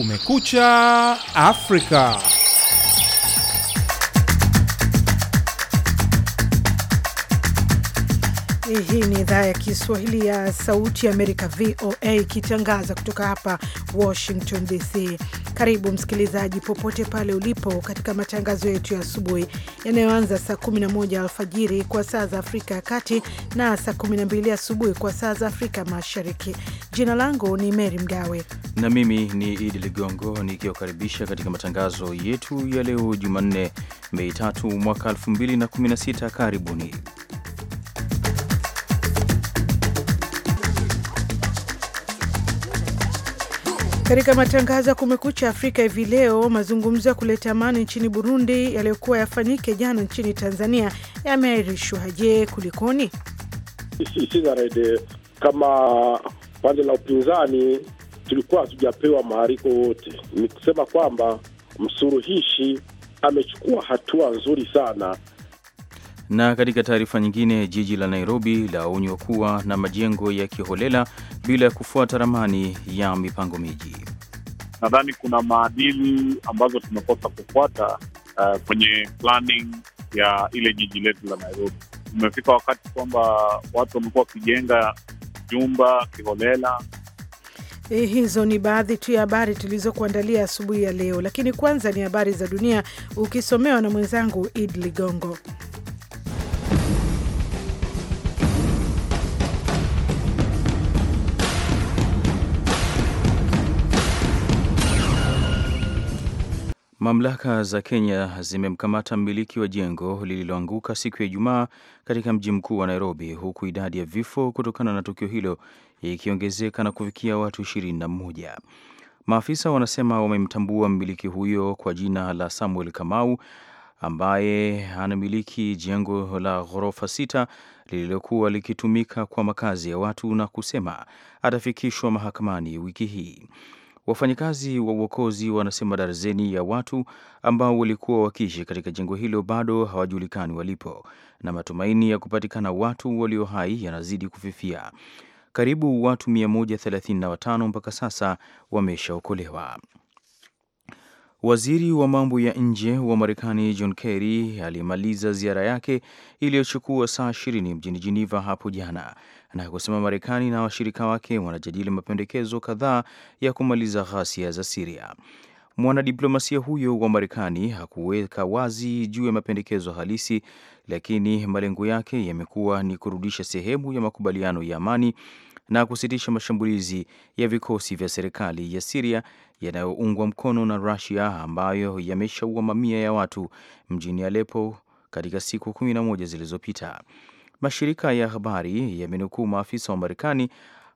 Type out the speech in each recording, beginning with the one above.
Kumekucha Afrika. Hii ni idhaa ya Kiswahili ya Sauti ya Amerika, VOA, ikitangaza kutoka hapa Washington DC. Karibu msikilizaji, popote pale ulipo, katika matangazo yetu ya asubuhi yanayoanza saa 11 alfajiri kwa saa za Afrika ya Kati na saa 12 asubuhi kwa saa za Afrika Mashariki. Jina langu ni Mary Mgawe na mimi ni Idi Ligongo nikiwakaribisha katika matangazo yetu ya leo Jumanne, Mei 3 mwaka 2016. Karibuni. Katika matangazo ya Kumekucha Afrika hivi leo, mazungumzo ya kuleta amani nchini Burundi yaliyokuwa yafanyike jana nchini Tanzania yameahirishwa. Je, kulikoni? Isizarede kama pande la upinzani tulikuwa hatujapewa maariko wote. Ni kusema kwamba msuruhishi amechukua hatua nzuri sana na katika taarifa nyingine, jiji la Nairobi laonywa kuwa na majengo ya kiholela bila ya kufuata ramani ya mipango miji. Nadhani kuna maadili ambazo tumekosa kufuata uh, kwenye planning ya ile jiji letu la Nairobi. Umefika wakati kwamba watu wamekuwa wakijenga jumba kiholela. Eh, hizo ni baadhi tu ya habari tulizokuandalia asubuhi ya leo, lakini kwanza ni habari za dunia ukisomewa na mwenzangu Id Ligongo. Mamlaka za Kenya zimemkamata mmiliki wa jengo lililoanguka siku ya Ijumaa katika mji mkuu wa Nairobi, huku idadi ya vifo kutokana na tukio hilo ikiongezeka na kufikia watu ishirini na moja. Maafisa wanasema wamemtambua mmiliki huyo kwa jina la Samuel Kamau ambaye anamiliki jengo la ghorofa sita lililokuwa likitumika kwa makazi ya watu na kusema atafikishwa mahakamani wiki hii. Wafanyakazi wa uokozi wanasema darzeni ya watu ambao walikuwa wakiishi katika jengo hilo bado hawajulikani walipo na matumaini ya kupatikana watu walio hai yanazidi kufifia. Karibu watu 135 mpaka sasa wameshaokolewa. Waziri wa mambo ya nje wa Marekani John Kerry alimaliza ziara yake iliyochukua saa 20 mjini jiniva hapo jana na kusema Marekani na washirika wake wanajadili mapendekezo kadhaa ya kumaliza ghasia za Siria. Mwanadiplomasia huyo wa Marekani hakuweka wazi juu ya mapendekezo halisi, lakini malengo yake yamekuwa ni kurudisha sehemu ya makubaliano ya amani na kusitisha mashambulizi ya vikosi vya serikali ya Siria yanayoungwa mkono na Rusia ambayo yameshaua mamia ya watu mjini Aleppo katika siku 11 zilizopita. Mashirika ya habari yamenukuu maafisa wa Marekani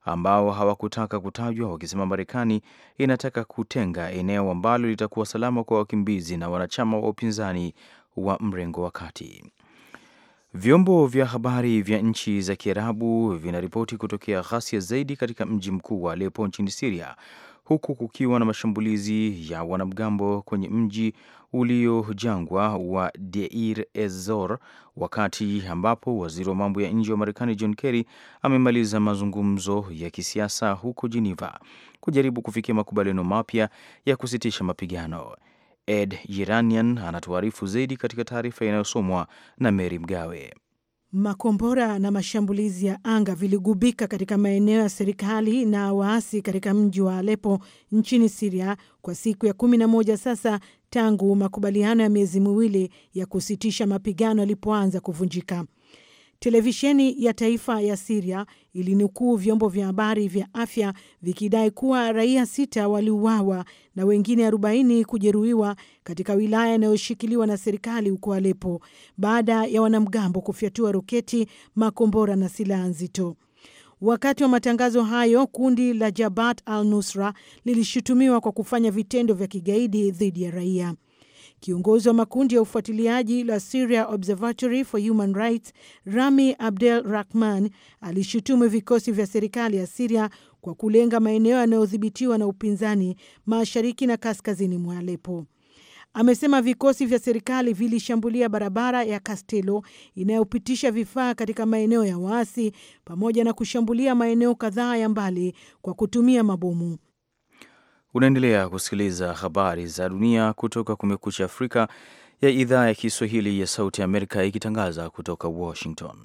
ambao hawakutaka kutajwa wakisema Marekani inataka kutenga eneo ambalo litakuwa salama kwa wakimbizi na wanachama wa upinzani wa mrengo wa kati. Vyombo vya habari vya nchi za Kiarabu vinaripoti kutokea ghasia zaidi katika mji mkuu wa Aleppo nchini Syria, huku kukiwa na mashambulizi ya wanamgambo kwenye mji uliojangwa wa Deir ezor wakati ambapo waziri wa mambo ya nje wa Marekani John Kerry amemaliza mazungumzo ya kisiasa huko Geneva kujaribu kufikia makubaliano mapya ya kusitisha mapigano. Ed Iranian anatuarifu zaidi katika taarifa inayosomwa na Mary Mgawe. Makombora na mashambulizi ya anga viligubika katika maeneo ya serikali na waasi katika mji wa Alepo nchini Siria kwa siku ya kumi na moja sasa tangu makubaliano ya miezi miwili ya kusitisha mapigano yalipoanza kuvunjika. Televisheni ya taifa ya Siria ilinukuu vyombo vya habari vya afya vikidai kuwa raia sita waliuawa na wengine 40 kujeruhiwa katika wilaya inayoshikiliwa na serikali huko Alepo baada ya wanamgambo kufyatua roketi, makombora na silaha nzito. Wakati wa matangazo hayo, kundi la Jabhat al-Nusra lilishutumiwa kwa kufanya vitendo vya kigaidi dhidi ya raia. Kiongozi wa makundi ya ufuatiliaji la Syria Observatory for Human Rights, Rami Abdel Rahman, alishutumu vikosi vya serikali ya Siria kwa kulenga maeneo yanayodhibitiwa na upinzani mashariki na kaskazini mwa Alepo. Amesema vikosi vya serikali vilishambulia barabara ya Castelo inayopitisha vifaa katika maeneo ya waasi pamoja na kushambulia maeneo kadhaa ya mbali kwa kutumia mabomu. Unaendelea kusikiliza habari za dunia kutoka Kumekucha Afrika ya idhaa ya Kiswahili ya Sauti Amerika ikitangaza kutoka Washington.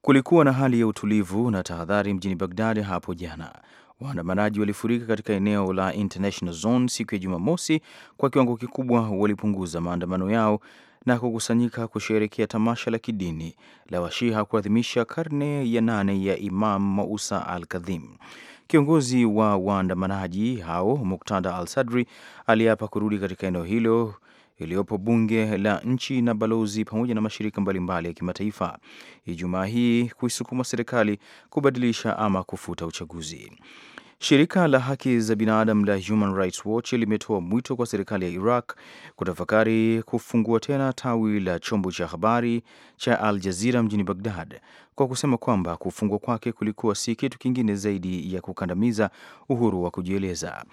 Kulikuwa na hali ya utulivu na tahadhari mjini Bagdad hapo jana Waandamanaji walifurika katika eneo la International Zone siku ya Jumamosi. Kwa kiwango kikubwa walipunguza maandamano yao na kukusanyika kusherekea tamasha la kidini la Washiha kuadhimisha karne ya nane ya Imam Mausa al-Kadhim. Kiongozi wa waandamanaji hao Muktada al-Sadri aliapa kurudi katika eneo hilo iliyopo bunge la nchi na balozi pamoja na mashirika mbalimbali mbali ya kimataifa Ijumaa hii kuisukuma serikali kubadilisha ama kufuta uchaguzi. Shirika la haki za binadamu la Human Rights Watch limetoa mwito kwa serikali ya Iraq kutafakari kufungua tena tawi la chombo cha habari cha Al Jazeera mjini Bagdad kwa kusema kwamba kufungwa kwake kulikuwa si kitu kingine zaidi ya kukandamiza uhuru wa kujieleza.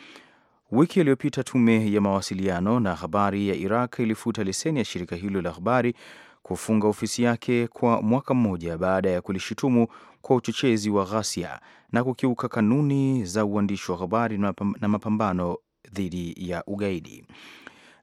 Wiki iliyopita tume ya mawasiliano na habari ya Iraq ilifuta leseni ya shirika hilo la habari kufunga ofisi yake kwa mwaka mmoja baada ya kulishutumu kwa uchochezi wa ghasia na kukiuka kanuni za uandishi wa habari na mapambano dhidi ya ugaidi.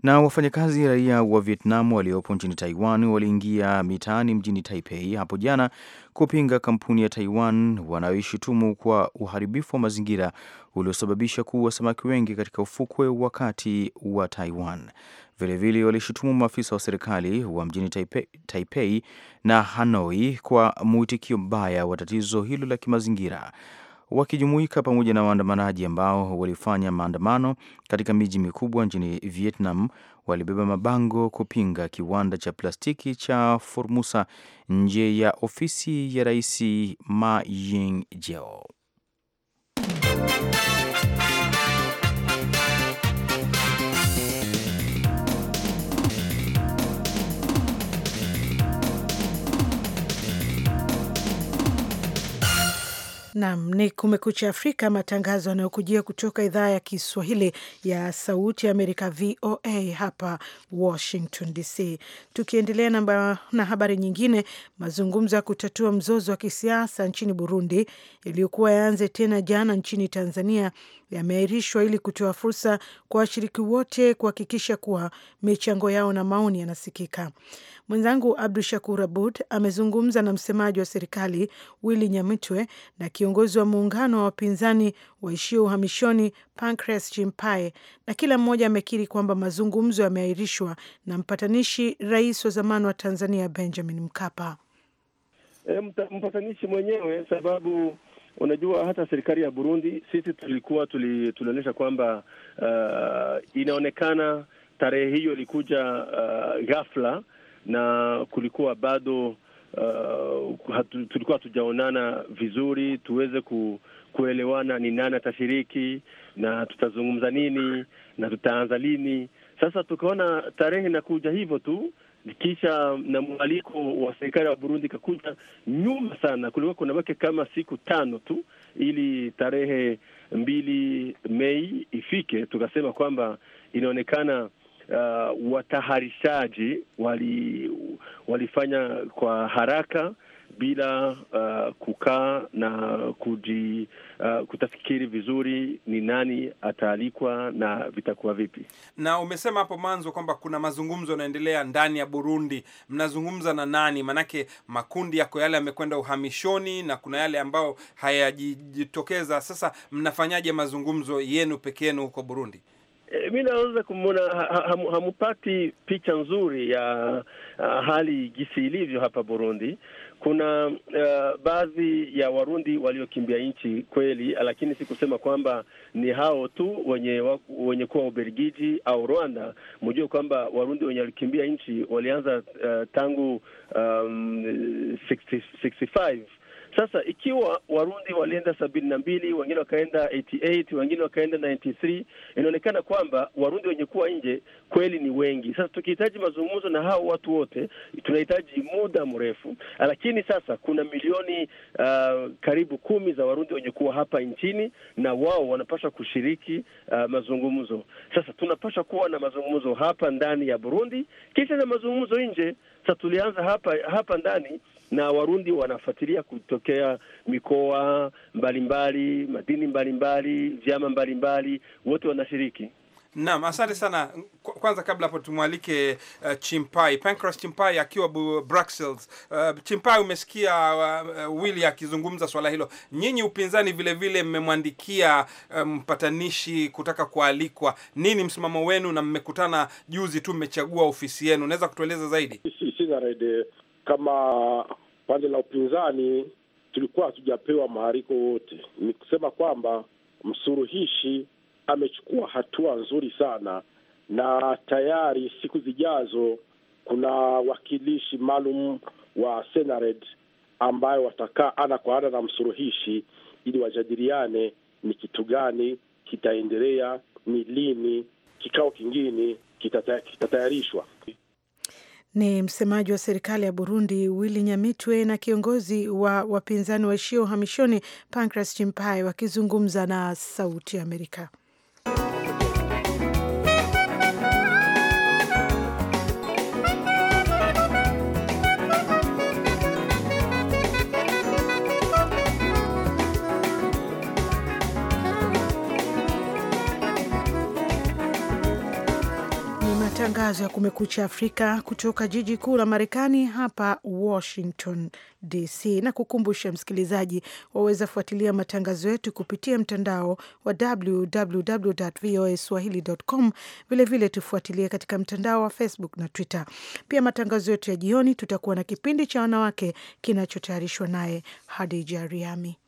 Na wafanyakazi raia wa Vietnam waliopo nchini Taiwan waliingia mitaani mjini Taipei hapo jana kupinga kampuni ya Taiwan wanayoishutumu kwa uharibifu wa mazingira uliosababisha kuua samaki wengi katika ufukwe wa kati wa Taiwan. Vilevile walishutumu maafisa wa serikali wa mjini Taipei, Taipei na Hanoi kwa mwitikio mbaya wa tatizo hilo la kimazingira wakijumuika pamoja na waandamanaji ambao walifanya maandamano katika miji mikubwa nchini Vietnam. Walibeba mabango kupinga kiwanda cha plastiki cha Formosa nje ya ofisi ya Rais Ma Ying-jeou. Nam ni Kumekucha Afrika, matangazo yanayokujia kutoka idhaa ya Kiswahili ya Sauti ya Amerika, VOA hapa Washington DC. Tukiendelea na, na habari nyingine, mazungumzo ya kutatua mzozo wa kisiasa nchini Burundi iliyokuwa yaanze tena jana nchini Tanzania yameahirishwa ili kutoa fursa kwa washiriki wote kuhakikisha kuwa michango yao na maoni yanasikika. Mwenzangu Abdu Shakur Abud amezungumza na msemaji wa serikali Willy Nyamitwe na kiongozi wa muungano wa wapinzani waishio uhamishoni Pancras Chimpai, na kila mmoja amekiri kwamba mazungumzo yameahirishwa na mpatanishi rais wa zamani wa Tanzania Benjamin Mkapa. E, mpatanishi mwenyewe sababu Unajua, hata serikali ya Burundi sisi tulikuwa tulionyesha kwamba uh, inaonekana tarehe hiyo ilikuja uh, ghafla na kulikuwa bado uh, hatu, tulikuwa hatujaonana vizuri tuweze ku, kuelewana ni nani atashiriki na tutazungumza nini na tutaanza lini. Sasa tukaona tarehe inakuja hivyo tu, kisha na mwaliko wa serikali ya Burundi ikakuja nyuma sana, kulikuwa kunabaki kama siku tano tu ili tarehe mbili Mei ifike. Tukasema kwamba inaonekana uh, wataharishaji wali, walifanya kwa haraka bila uh, kukaa na kuji, uh, kutafikiri vizuri ni nani ataalikwa na vitakuwa vipi. Na umesema hapo mwanzo kwamba kuna mazungumzo yanaendelea ndani ya Burundi. Mnazungumza na nani? Maanake makundi yako yale yamekwenda uhamishoni na kuna yale ambayo hayajitokeza. Sasa mnafanyaje mazungumzo yenu peke yenu huko Burundi? E, mi naweza kumwona ha, hamupati picha nzuri ya ha, ah, hali jinsi ilivyo hapa Burundi. Kuna uh, baadhi ya Warundi waliokimbia nchi kweli, lakini si kusema kwamba ni hao tu wenye wenye kuwa Ubelgiji au Rwanda. Mjue kwamba Warundi wenye walikimbia nchi walianza uh, tangu um, 60, 65 sasa ikiwa Warundi walienda sabini na mbili, wengine wakaenda 88, wengine wakaenda 93, inaonekana kwamba Warundi wenye kuwa nje kweli ni wengi. Sasa tukihitaji mazungumzo na hao watu wote tunahitaji muda mrefu, lakini sasa kuna milioni uh, karibu kumi za Warundi wenye kuwa hapa nchini na wao wanapaswa kushiriki uh, mazungumzo. Sasa tunapaswa kuwa na mazungumzo hapa ndani ya Burundi, kisha na mazungumzo nje. Sasa tulianza hapa hapa ndani na Warundi wanafuatilia kutokea mikoa mbalimbali, madini mbalimbali, vyama mbalimbali, wote wanashiriki. Naam, asante sana. Kwanza kabla hapo tumwalike uh, Chimpai Pancras Chimpai akiwa Brussels. Uh, Chimpai, umesikia uh, uh, Willy akizungumza swala hilo. Nyinyi upinzani vilevile mmemwandikia uh, mpatanishi um, kutaka kualikwa. Nini msimamo wenu? Na mmekutana juzi tu, mmechagua ofisi yenu, unaweza kutueleza zaidi? kama pande la upinzani tulikuwa hatujapewa mahariko wote. Ni kusema kwamba msuruhishi amechukua hatua nzuri sana, na tayari siku zijazo kuna wakilishi maalum wa Senared ambayo watakaa ana kwa ana na msuruhishi ili wajadiliane ni kitu gani kitaendelea, ni lini kikao kingine kitatayarishwa. Ni msemaji wa serikali ya Burundi Willy Nyamitwe na kiongozi wa wapinzani waishio uhamishoni Pancras Chimpai wakizungumza na Sauti ya Amerika. matangazo ya Kumekucha Afrika kutoka jiji kuu la Marekani, hapa Washington DC, na kukumbusha msikilizaji, waweza fuatilia matangazo yetu kupitia mtandao wa www voa swahili.com. Vilevile tufuatilie katika mtandao wa Facebook na Twitter. Pia matangazo yetu ya jioni, tutakuwa na kipindi cha wanawake kinachotayarishwa naye Hadija Riami.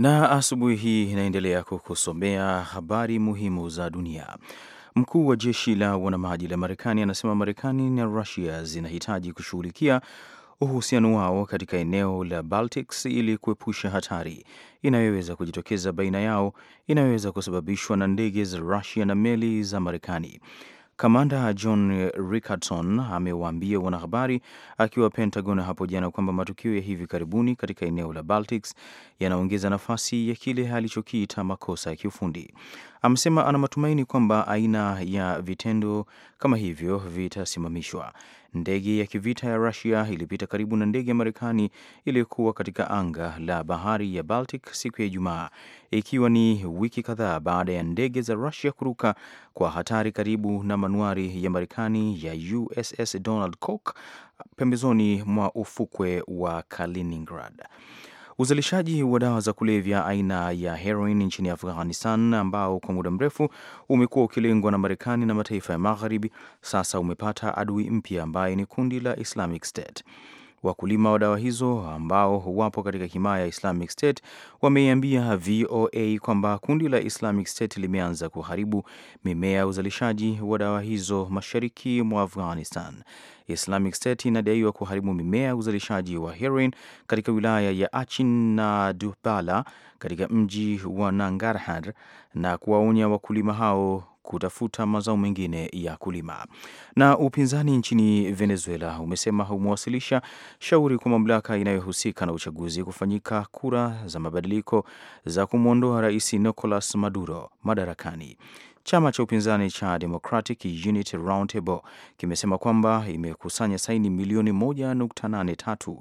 na asubuhi hii inaendelea kukusomea habari muhimu za dunia. Mkuu wa jeshi la wanamaji la Marekani anasema Marekani na Rusia zinahitaji kushughulikia uhusiano wao katika eneo la Baltics ili kuepusha hatari inayoweza kujitokeza baina yao inayoweza kusababishwa na ndege za Rusia na meli za Marekani. Kamanda John Richardson amewaambia wanahabari akiwa Pentagon hapo jana kwamba matukio ya hivi karibuni katika eneo la Baltics yanaongeza nafasi ya kile alichokiita makosa ya kiufundi amesema ana matumaini kwamba aina ya vitendo kama hivyo vitasimamishwa. Ndege ya kivita ya Rusia ilipita karibu na ndege ya Marekani iliyokuwa katika anga la bahari ya Baltic siku ya Ijumaa, ikiwa ni wiki kadhaa baada ya ndege za Rusia kuruka kwa hatari karibu na manuari ya Marekani ya USS Donald Cook pembezoni mwa ufukwe wa Kaliningrad. Uzalishaji wa dawa za kulevya aina ya heroin nchini Afghanistan, ambao kwa muda mrefu umekuwa ukilengwa na Marekani na mataifa ya Magharibi, sasa umepata adui mpya ambaye ni kundi la Islamic State. Wakulima wa dawa hizo ambao wapo katika himaya ya Islamic State wameiambia VOA kwamba kundi la Islamic State limeanza kuharibu mimea ya uzalishaji wa dawa hizo mashariki mwa Afghanistan. Islamic State inadaiwa kuharibu mimea ya uzalishaji wa heroin katika wilaya ya Achin na Duhbala katika mji wa Nangarhar na kuwaonya wakulima hao kutafuta mazao mengine ya kulima. Na upinzani nchini Venezuela umesema umewasilisha shauri kwa mamlaka inayohusika na uchaguzi kufanyika kura za mabadiliko za kumwondoa rais Nicolas Maduro madarakani. Chama cha upinzani cha Democratic Unity Roundtable kimesema kwamba imekusanya saini milioni 1.83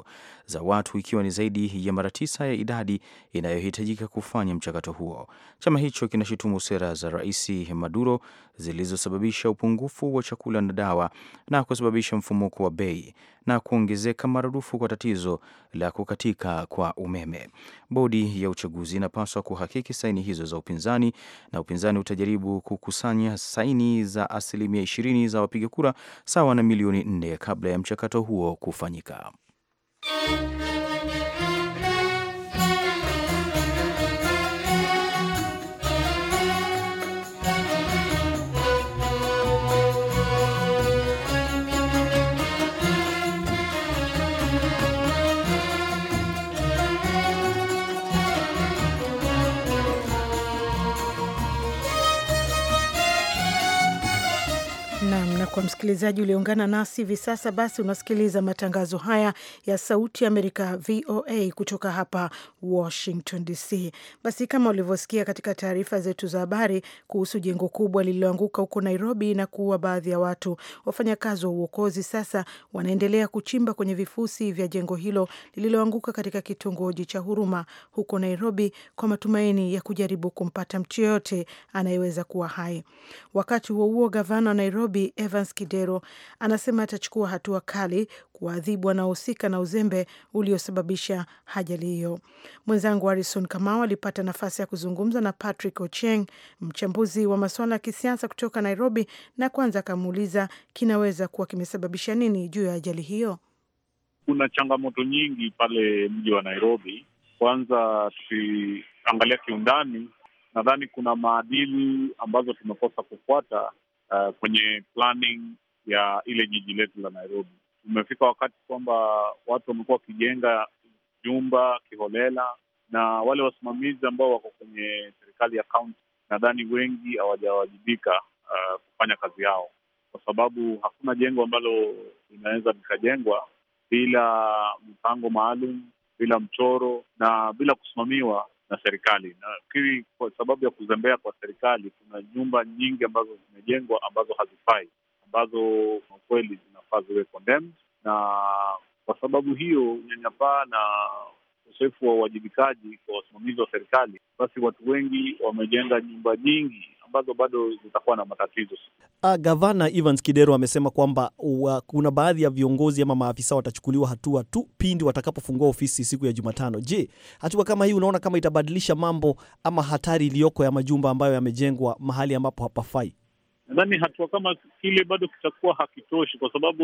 za watu ikiwa ni zaidi ya mara tisa ya idadi inayohitajika kufanya mchakato huo. Chama hicho kinashutumu sera za Rais Maduro zilizosababisha upungufu wa chakula na dawa na kusababisha mfumuko wa bei na kuongezeka maradufu kwa tatizo la kukatika kwa umeme. Bodi ya uchaguzi inapaswa kuhakiki saini hizo za upinzani, na upinzani utajaribu kukusanya saini za asilimia ishirini za wapiga kura, sawa na milioni nne, kabla ya mchakato huo kufanyika. kwa msikilizaji ulioungana nasi hivi sasa. Basi unasikiliza matangazo haya ya Sauti Amerika, VOA, kutoka hapa Washington DC. Basi kama ulivyosikia katika taarifa zetu za habari kuhusu jengo kubwa lililoanguka huko Nairobi na kuua baadhi ya watu, wafanyakazi wa uokozi sasa wanaendelea kuchimba kwenye vifusi vya jengo hilo lililoanguka katika kitongoji cha Huruma huko Nairobi, kwa matumaini ya kujaribu kumpata mtu yoyote anayeweza kuwa hai. Wakati huo huo, gavana wa Nairobi Eva Evans Kidero anasema atachukua hatua kali kuwaadhibu wanaohusika na uzembe uliosababisha ajali hiyo. Mwenzangu Harrison Kamau alipata nafasi ya kuzungumza na Patrick Ocheng, mchambuzi wa masuala ya kisiasa kutoka Nairobi, na kwanza akamuuliza kinaweza kuwa kimesababisha nini juu ya ajali hiyo. Kuna changamoto nyingi pale mji wa Nairobi. Kwanza tukiangalia kiundani, nadhani kuna maadili ambazo tumekosa kufuata uh, kwenye planning ya ile jiji letu la Nairobi. Tumefika wakati kwamba watu wamekuwa wakijenga jumba kiholela, na wale wasimamizi ambao wako kwenye serikali ya kaunti, nadhani wengi hawajawajibika uh, kufanya kazi yao, kwa sababu hakuna jengo ambalo linaweza likajengwa bila mpango maalum, bila mchoro na bila kusimamiwa na serikali. Nafikiri kwa sababu ya kuzembea kwa serikali, kuna nyumba nyingi ambazo zimejengwa ambazo hazifai, ambazo kwa kweli zinafaa ziwe condemned, na kwa sababu hiyo unyanyapaa na ukosefu wa uwajibikaji kwa wasimamizi wa serikali, basi watu wengi wamejenga nyumba nyingi ambazo bado zitakuwa na matatizo. Ah, Gavana Evans Kidero amesema kwamba kuna baadhi ya viongozi ama maafisa watachukuliwa hatua tu pindi watakapofungua ofisi siku ya Jumatano. Je, hatua kama hii unaona kama itabadilisha mambo ama hatari iliyoko ya majumba ambayo yamejengwa mahali ambapo hapafai? nadhani hatua kama kile bado kitakuwa hakitoshi, kwa sababu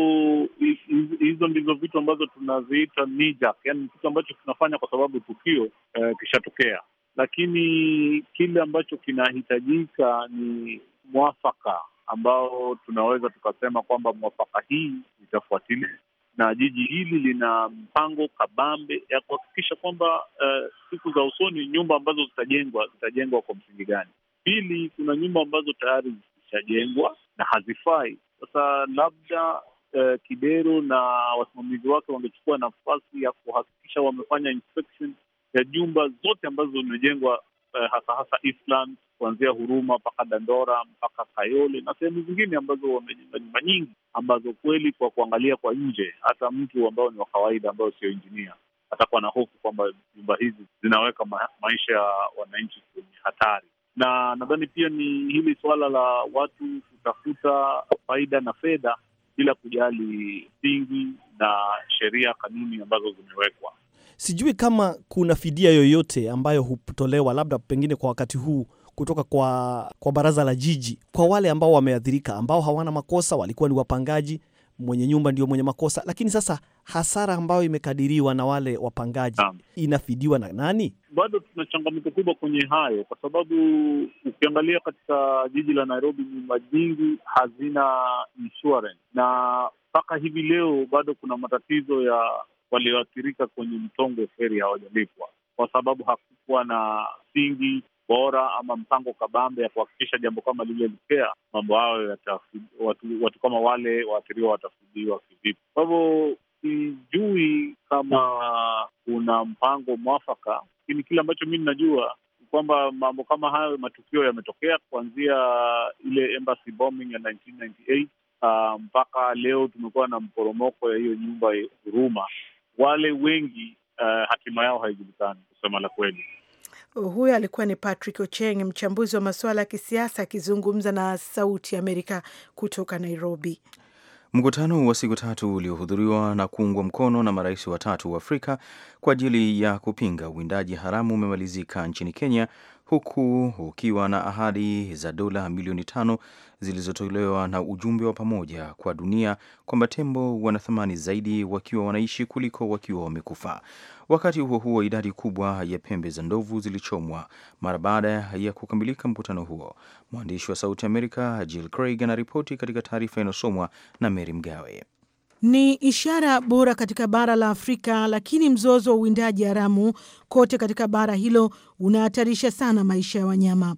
hizo ndizo vitu ambazo tunaziita nija, yani kitu ambacho tunafanya kwa sababu tukio eh, kishatokea, lakini kile ambacho kinahitajika ni mwafaka ambao tunaweza tukasema kwamba mwafaka hii itafuatilia na jiji hili lina mpango kabambe ya kuhakikisha kwamba uh, siku za usoni nyumba ambazo zitajengwa zitajengwa kwa msingi gani. Pili, kuna nyumba ambazo tayari zishajengwa na hazifai. Sasa labda uh, eh, Kidero na wasimamizi wake wangechukua nafasi ya kuhakikisha wamefanya inspection ya jumba zote ambazo zimejengwa uh, hasa hasa Eastlands kuanzia Huruma mpaka Dandora mpaka Kayole na sehemu zingine ambazo wamejenga nyumba nyingi ambazo kweli kwa kuangalia kwa nje, hata mtu ambao ni wa kawaida ambayo sio injinia atakuwa na hofu kwamba nyumba hizi zinaweka ma maisha ya wananchi kwenye hatari na nadhani pia ni hili suala la watu kutafuta faida na fedha bila kujali msingi na sheria, kanuni ambazo zimewekwa. Sijui kama kuna fidia yoyote ambayo hutolewa labda pengine kwa wakati huu kutoka kwa, kwa baraza la jiji kwa wale ambao wameathirika, ambao hawana makosa, walikuwa ni wapangaji mwenye nyumba ndio mwenye makosa, lakini sasa hasara ambayo imekadiriwa na wale wapangaji Am. inafidiwa na nani? Bado tuna changamoto kubwa kwenye hayo, kwa sababu ukiangalia katika jiji la Nairobi, nyumba nyingi hazina insurance, na mpaka hivi leo bado kuna matatizo ya walioathirika kwenye mtongo feri hawajalipwa kwa sababu hakukuwa na msingi bora ama mpango kabambe ya kuhakikisha jambo kama lililotokea, mambo hayo watu, watu kama wale waathiriwa watafidiwa kivipi? Kwa hivyo sijui kama kuna mpango mwafaka, lakini kile ambacho mi ninajua kwamba mambo kama hayo matukio yametokea kuanzia ile embassy bombing ya 1998 uh, ah, mpaka leo tumekuwa na mporomoko ya hiyo nyumba Huruma. Wale wengi uh, hatima yao haijulikani, kusema la kweli. Huyo alikuwa ni Patrick Ocheng, mchambuzi wa masuala ya kisiasa akizungumza na Sauti Amerika kutoka Nairobi. Mkutano wa siku tatu uliohudhuriwa na kuungwa mkono na marais watatu wa Afrika kwa ajili ya kupinga uwindaji haramu umemalizika nchini Kenya huku ukiwa na ahadi za dola milioni tano zilizotolewa na ujumbe wa pamoja kwa dunia kwamba tembo wana thamani zaidi wakiwa wanaishi kuliko wakiwa wamekufa. Wakati huo huo, idadi kubwa ya pembe za ndovu zilichomwa mara baada ya kukamilika mkutano huo. Mwandishi wa Sauti Amerika Jill Craig anaripoti katika taarifa inayosomwa na Mary Mgawe ni ishara bora katika bara la Afrika, lakini mzozo wa uwindaji haramu kote katika bara hilo unahatarisha sana maisha ya wanyama.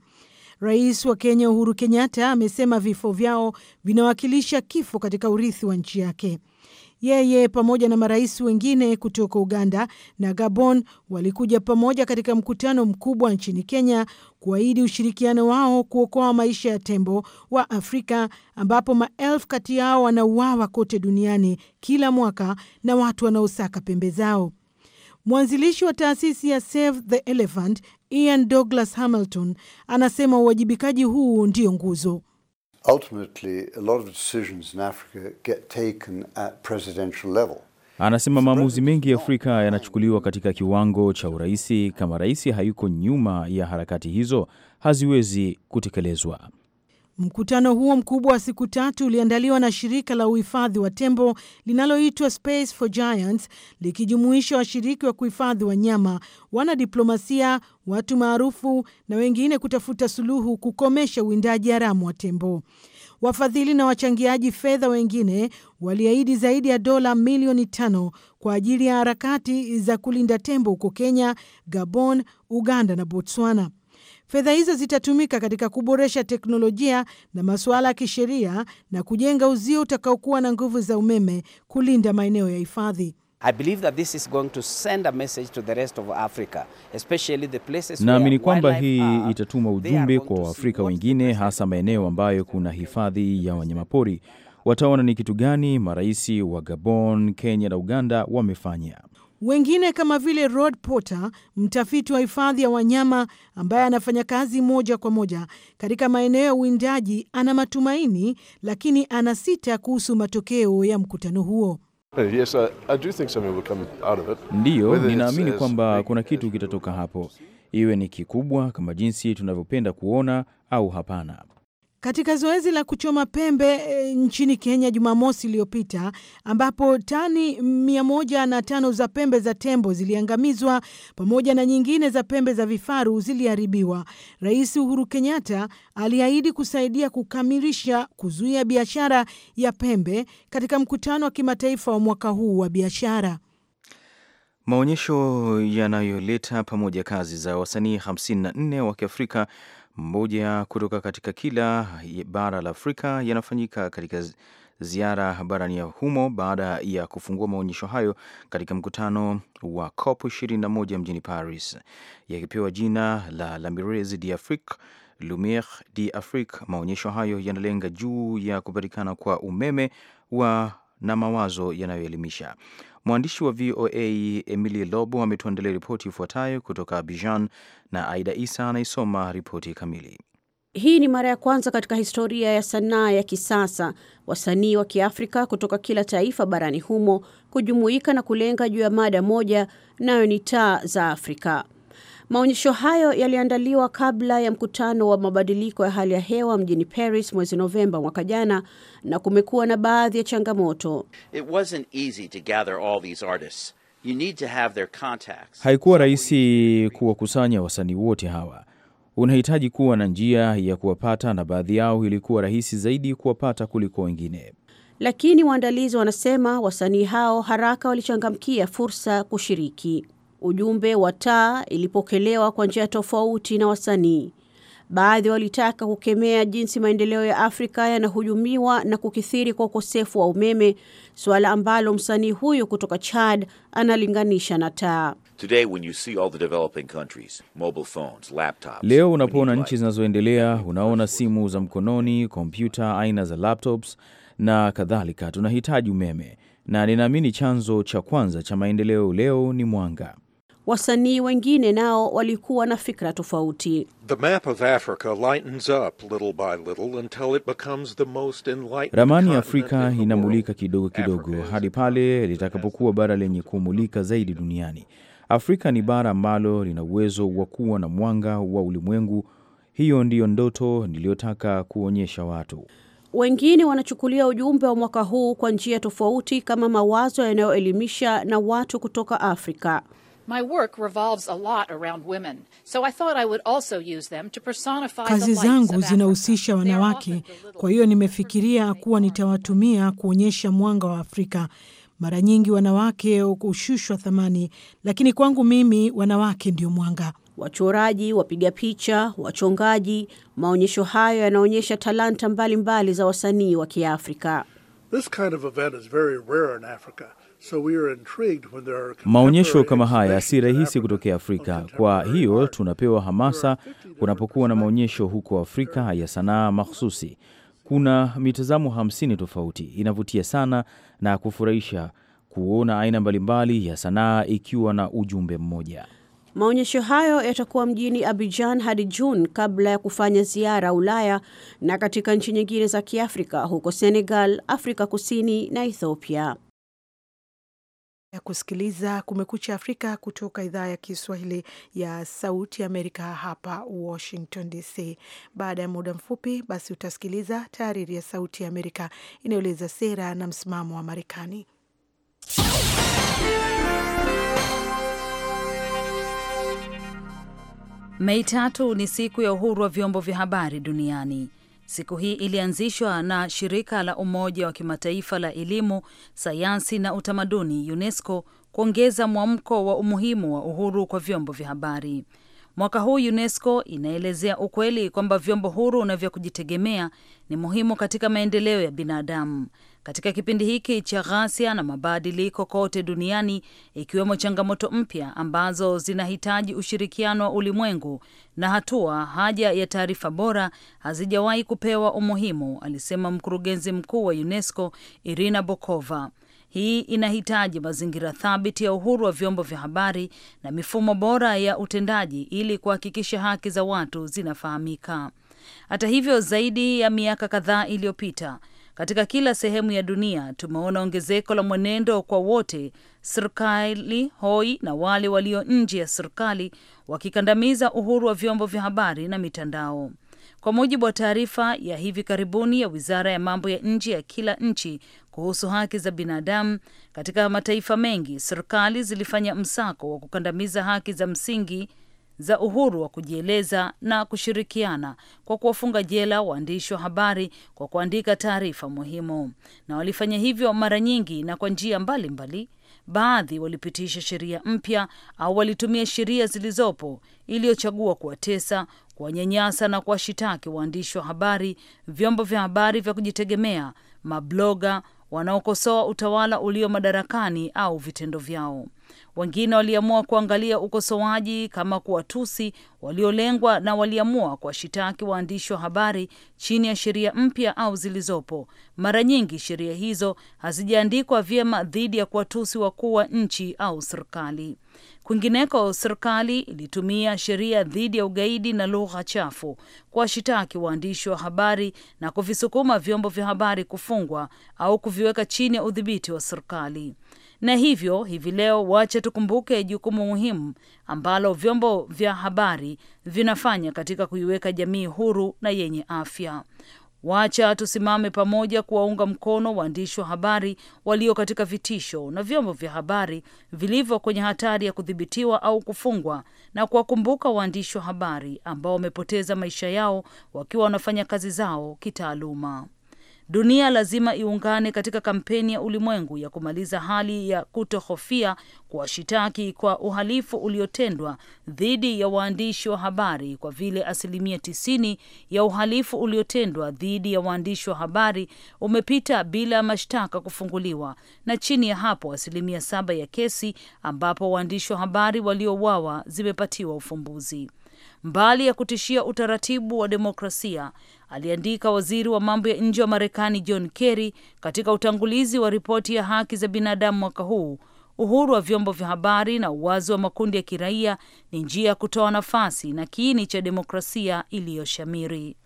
Rais wa Kenya Uhuru Kenyatta amesema vifo vyao vinawakilisha kifo katika urithi wa nchi yake. Yeye pamoja na marais wengine kutoka Uganda na Gabon walikuja pamoja katika mkutano mkubwa nchini Kenya kuahidi ushirikiano wao kuokoa maisha ya tembo wa Afrika, ambapo maelfu kati yao wanauawa kote duniani kila mwaka na watu wanaosaka pembe zao. Mwanzilishi wa taasisi ya Save the Elephant Ian Douglas Hamilton anasema uwajibikaji huu ndio nguzo ultimately a lot of decisions in Africa get taken at presidential level. Anasema maamuzi mengi Afrika yanachukuliwa katika kiwango cha uraisi. Kama rais hayuko nyuma ya harakati hizo, haziwezi kutekelezwa. Mkutano huo mkubwa wa siku tatu uliandaliwa na shirika la uhifadhi wa tembo linaloitwa Space for Giants likijumuisha washiriki wa, wa kuhifadhi wanyama, wanadiplomasia, watu maarufu na wengine kutafuta suluhu kukomesha uwindaji haramu wa tembo. Wafadhili na wachangiaji fedha wengine waliahidi zaidi ya dola milioni tano kwa ajili ya harakati za kulinda tembo huko Kenya, Gabon, Uganda na Botswana. Fedha hizo zitatumika katika kuboresha teknolojia na masuala ya kisheria na kujenga uzio utakaokuwa na nguvu za umeme kulinda maeneo ya hifadhi. Naamini kwamba hii itatuma ujumbe kwa Waafrika wengine, hasa maeneo ambayo kuna hifadhi ya wanyamapori. Wataona ni kitu gani marais wa Gabon, Kenya na Uganda wamefanya. Wengine kama vile Rod Porter, mtafiti wa hifadhi ya wanyama ambaye anafanya kazi moja kwa moja katika maeneo ya uwindaji, ana matumaini, lakini ana sita kuhusu matokeo ya mkutano huo. Yes, ndiyo, ninaamini kwamba kuna kitu kitatoka hapo, iwe ni kikubwa kama jinsi tunavyopenda kuona au hapana katika zoezi la kuchoma pembe e, nchini Kenya Jumamosi iliyopita ambapo tani mia moja na tano za pembe za tembo ziliangamizwa pamoja na nyingine za pembe za vifaru ziliharibiwa. Rais Uhuru Kenyatta aliahidi kusaidia kukamilisha kuzuia biashara ya pembe katika mkutano wa kimataifa wa mwaka huu wa biashara. Maonyesho yanayoleta pamoja kazi za wasanii 54 wa Kiafrika moja kutoka katika kila bara la Afrika yanafanyika katika ziara barani humo baada ya kufungua maonyesho hayo katika mkutano wa COP 21 mjini Paris, yakipewa jina la La Miresse d'Afrique, Lumiere d'Afrique. Maonyesho hayo yanalenga juu ya kupatikana kwa umeme wa na mawazo yanayoelimisha. Mwandishi wa VOA Emily Lobo ametuandalia ripoti ifuatayo kutoka abijan na Aida Isa anaisoma ripoti kamili. Hii ni mara ya kwanza katika historia ya sanaa ya kisasa wasanii wa Kiafrika kutoka kila taifa barani humo kujumuika na kulenga juu ya mada moja, nayo ni taa za Afrika. Maonyesho hayo yaliandaliwa kabla ya mkutano wa mabadiliko ya hali ya hewa mjini Paris mwezi Novemba mwaka jana, na kumekuwa na baadhi ya changamoto. Haikuwa rahisi kuwakusanya wasanii wote hawa, unahitaji kuwa na njia ya kuwapata, na baadhi yao ilikuwa rahisi zaidi kuwapata kuliko wengine. Lakini waandalizi wanasema wasanii hao haraka walichangamkia fursa kushiriki. Ujumbe wa taa ilipokelewa kwa njia tofauti na wasanii. Baadhi walitaka kukemea jinsi maendeleo ya Afrika yanahujumiwa na kukithiri kwa ukosefu wa umeme, suala ambalo msanii huyu kutoka Chad analinganisha na taa. Today when you see all the developing countries, mobile phones, laptops, leo unapoona nchi zinazoendelea unaona simu za mkononi, kompyuta, aina za laptops na kadhalika. Tunahitaji umeme, na ninaamini chanzo cha kwanza cha maendeleo leo ni mwanga. Wasanii wengine nao walikuwa na fikra tofauti. Ramani ya Afrika inamulika kidogo kidogo hadi pale litakapokuwa bara lenye kumulika zaidi duniani. Afrika ni bara ambalo lina uwezo wa kuwa na mwanga wa ulimwengu. Hiyo ndiyo ndoto niliyotaka kuonyesha watu. Wengine wanachukulia ujumbe wa mwaka huu kwa njia tofauti, kama mawazo yanayoelimisha na watu kutoka Afrika. My work revolves a lot around women, so I thought I would also use them to personify Kazi zangu zinahusisha wanawake, kwa hiyo nimefikiria kuwa nitawatumia kuonyesha mwanga wa Afrika. Mara nyingi wanawake hushushwa thamani, lakini kwangu mimi wanawake ndio mwanga. Wachoraji, wapiga picha, wachongaji. Maonyesho hayo yanaonyesha talanta mbalimbali mbali za wasanii wa Kiafrika. This kind of event is very rare in Africa. Maonyesho kama haya si rahisi kutokea Afrika, kwa hiyo tunapewa hamasa kunapokuwa na maonyesho huko Afrika ya sanaa makhususi Kuna mitazamo hamsini tofauti. Inavutia sana na kufurahisha kuona aina mbalimbali ya sanaa ikiwa na ujumbe mmoja. Maonyesho hayo yatakuwa mjini Abidjan hadi Juni kabla ya kufanya ziara Ulaya na katika nchi nyingine za Kiafrika huko Senegal, Afrika Kusini na Ethiopia ya kusikiliza Kumekucha Afrika kutoka idhaa ya Kiswahili ya Sauti Amerika hapa Washington DC. Baada ya muda mfupi, basi utasikiliza taariri ya Sauti Amerika inayoeleza sera na msimamo wa Marekani. Mei tatu ni siku ya uhuru wa vyombo vya habari duniani. Siku hii ilianzishwa na shirika la Umoja wa Kimataifa la Elimu, Sayansi na Utamaduni, UNESCO, kuongeza mwamko wa umuhimu wa uhuru kwa vyombo vya habari. Mwaka huu UNESCO inaelezea ukweli kwamba vyombo huru na vya kujitegemea ni muhimu katika maendeleo ya binadamu katika kipindi hiki cha ghasia na mabadiliko kote duniani, ikiwemo changamoto mpya ambazo zinahitaji ushirikiano wa ulimwengu na hatua haja ya taarifa bora hazijawahi kupewa umuhimu, alisema mkurugenzi mkuu wa UNESCO Irina Bokova. Hii inahitaji mazingira thabiti ya uhuru wa vyombo vya habari na mifumo bora ya utendaji ili kuhakikisha haki za watu zinafahamika. Hata hivyo, zaidi ya miaka kadhaa iliyopita katika kila sehemu ya dunia tumeona ongezeko la mwenendo kwa wote, serikali hoi na wale walio nje ya serikali, wakikandamiza uhuru wa vyombo vya habari na mitandao. Kwa mujibu wa taarifa ya hivi karibuni ya wizara ya mambo ya nje ya kila nchi kuhusu haki za binadamu, katika mataifa mengi serikali zilifanya msako wa kukandamiza haki za msingi za uhuru wa kujieleza na kushirikiana kwa kuwafunga jela waandishi wa habari kwa kuandika taarifa muhimu, na walifanya hivyo mara nyingi na kwa njia mbalimbali. Baadhi walipitisha sheria mpya au walitumia sheria zilizopo iliyochagua kuwatesa, kuwanyanyasa na kuwashitaki waandishi wa habari, vyombo vya habari vya kujitegemea, mabloga wanaokosoa utawala ulio madarakani au vitendo vyao. Wengine waliamua kuangalia ukosoaji kama kuwatusi waliolengwa na waliamua kuwashitaki waandishi wa habari chini ya sheria mpya au zilizopo. Mara nyingi sheria hizo hazijaandikwa vyema dhidi ya kuwatusi wakuu wa nchi au serikali. Kwingineko, serikali ilitumia sheria dhidi ya ugaidi na lugha chafu kuwashitaki waandishi wa habari na kuvisukuma vyombo vya habari kufungwa au kuviweka chini ya udhibiti wa serikali. Na hivyo hivi leo, wache tukumbuke jukumu muhimu ambalo vyombo vya habari vinafanya katika kuiweka jamii huru na yenye afya. Wacha tusimame pamoja kuwaunga mkono waandishi wa habari walio katika vitisho na vyombo vya habari vilivyo kwenye hatari ya kudhibitiwa au kufungwa na kuwakumbuka waandishi wa habari ambao wamepoteza maisha yao wakiwa wanafanya kazi zao kitaaluma. Dunia lazima iungane katika kampeni ya ulimwengu ya kumaliza hali ya kutohofia kuwashitaki kwa uhalifu uliotendwa dhidi ya waandishi wa habari kwa vile asilimia tisini ya uhalifu uliotendwa dhidi ya waandishi wa habari umepita bila mashtaka kufunguliwa na chini ya hapo asilimia saba ya kesi ambapo waandishi wa habari waliouawa zimepatiwa ufumbuzi mbali ya kutishia utaratibu wa demokrasia, aliandika waziri wa mambo ya nje wa Marekani John Kerry katika utangulizi wa ripoti ya haki za binadamu mwaka huu. Uhuru wa vyombo vya habari na uwazi wa makundi ya kiraia ni njia ya kutoa nafasi na kiini cha demokrasia iliyoshamiri.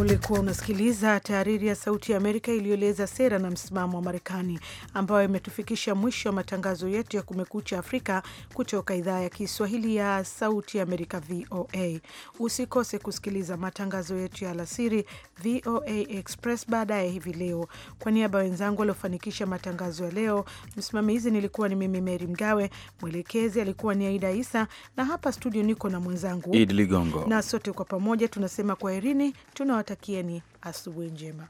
Ulikuwa unasikiliza tahariri ya Sauti ya Amerika iliyoeleza sera na msimamo wa Marekani, ambayo imetufikisha mwisho wa matangazo yetu ya Kumekucha Afrika kutoka idhaa ya Kiswahili ya Sauti Amerika, VOA. Usikose kusikiliza matangazo yetu ya alasiri, VOA Express, baadaye hivi leo. Kwa niaba ya wenzangu waliofanikisha matangazo ya leo, msimamizi nilikuwa ni mimi Meri Mgawe, mwelekezi alikuwa ni Aida Isa, na hapa studio niko na mwenzangu Idi Ligongo, na sote kwa pamoja tunasema kwaherini tuna nawatakieni asubuhi njema.